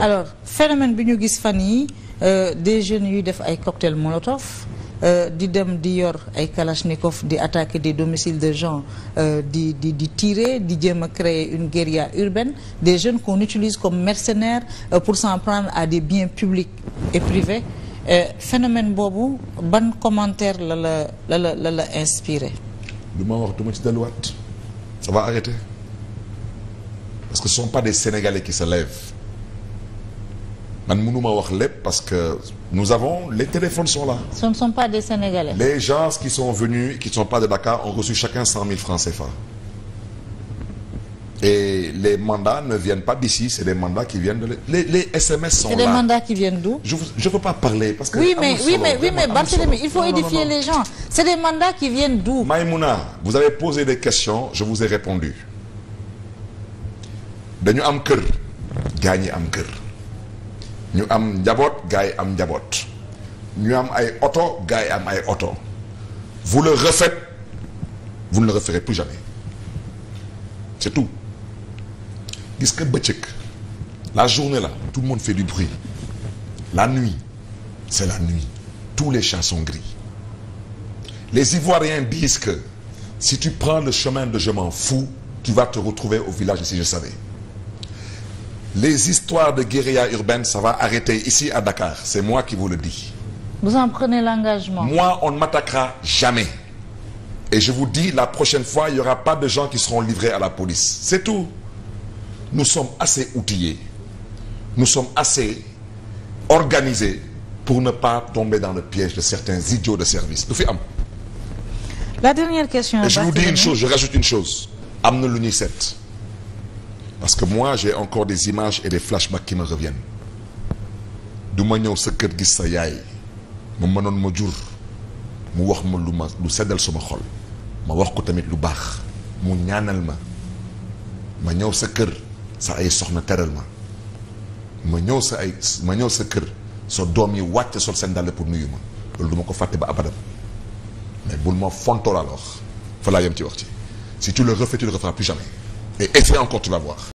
alors phénomène bi ñu gis fan yi euh, des jeunes yuy def ay cocktail molotov euh, di dem di yor ay kalachnikov di attaquer des domiciles de gens euh, di di di tirer di jéem a créer une guérilla urbaine des jeunes qu'on utilise comme mercenaires pour s'en prendre à des biens publics et privés phénomène boobu ban commentaire la la la la la la inspiré wax du ci delluwaat ça va arrêter parce que ce sont pas des Sénégalais qui se man mënuma wax lépp parce que nous avons les téléphones sont là. ce ne sont pas des Sénégalais. les gens qui sont venus qui ne sont pas de Dakar ont reçu chacun cent mille et les mandats ne viennent pas d'ici c'est des mandats qui viennent des mandats qui viennent d'où? je je peux pas parler parce que. oui mais oui mais oui mais Barthélémy il faut édifier les gens c'est des mandats qui viennent d'où? Maïmouna vous avez posé des questions je vous ai répondu dañu am kër gaañi am kër. ñu am njaboot gars yi am njaboot ñu am ay oto gars yi am ay oto vous le refaites vous ne le referez plus jamais c'est tout gis nga bëccëg la journée là tout le monde fait du bruit la nuit c'est la nuit tous les chats sont gris les Ivoiriens disent que si tu prends le chemin de je m'en fous tu vas te retrouver au village de si je savais les histoires de guérilla urbaine ça va arrêter ici à Dakar c'est moi qui vous le dis. vous en prenez l'engagement. moi on ne m'attaquera jamais. et je vous dis la prochaine fois il y aura pas de gens qui seront livrés à la police c'est tout. nous sommes assez outillés nous sommes assez organisés pour ne pas tomber dans le piège de certains idiots de service du fi am. la dernière question. et je vous rajoute une chose am na lu ñuy set. parce que moi j'ai encore des images et des flashbacks qui me reviennent du ma ñëw sa kër gis sa yaay mu mënoon ma jur mu wax ma lu ma lu seddal sama xol ma wax ko tamit lu baax mu ñaanal ma ma ñëw sa kër sa ay soxna teral ma ma ñëw sa ay ma ñëw sa kër sa doom yi wàcc sol seen dàll pour nuyu ma loolu du ma ko fàtte ba abadam mais bul moo fontoo laa la wax fa laa yem ci wax ci si tu le refais tu le referas plus jamais et essaie encore tu vas voir